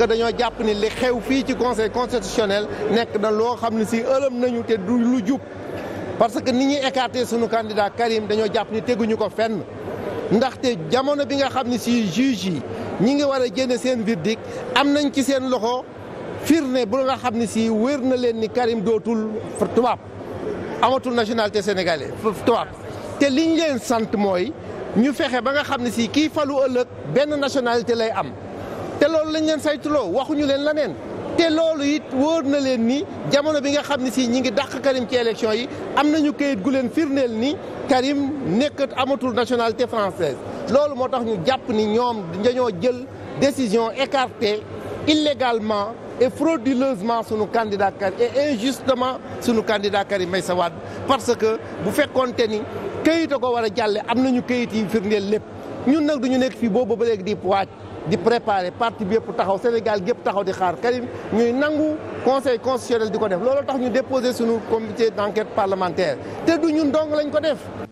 que dañoo jàpp ni li xew fii ci conseil constitutionnel nekk na loo xam ne si ëlëm nañu te du lu jub parce que ni ñuy écarté sunu candidat Karim dañoo jàpp ni teguñu ko fenn ndaxte jamono bi nga xam ne si juge yi ñi ngi war a génne seen verdict am nañ ci seen loxo firnde bu nga xam ne si wér na leen ni Karim dootul tubaab amatul nationalité sénégalaise tubaab te liñ leen sant mooy ñu fexe ba nga xam ne si kii falu ëllëg benn nationalité lay am te loolu lañ leen saytuloo waxuñu leen laneen te loolu it wóor na leen ni jamono bi nga xam ne si ñi ngi dàq Karim ci élection yi am nañu kayit gu leen firndeel ni Karim nekkat amatul nationalité française loolu moo tax ñu jàpp ni ñoom dañoo jël décision écartée illégalement et frauduleusement sunu candidat Karim et injustement sunu candidat Karim Meïssa Wade parce que bu fekkoonte ni kayit a ko war a jàlle am nañu kayit yi firndeel lépp ñun nag duñu nekk fii boobu ba léegi di waaj di préparer partie bi yëpp taxaw Sénégal gépp taxaw di xaar Karim ñuy nangu conseil constitutionnel di ko def looloo tax ñu déposé sunu comité d' enquête parlementaire te du ñun dong lañ ko def.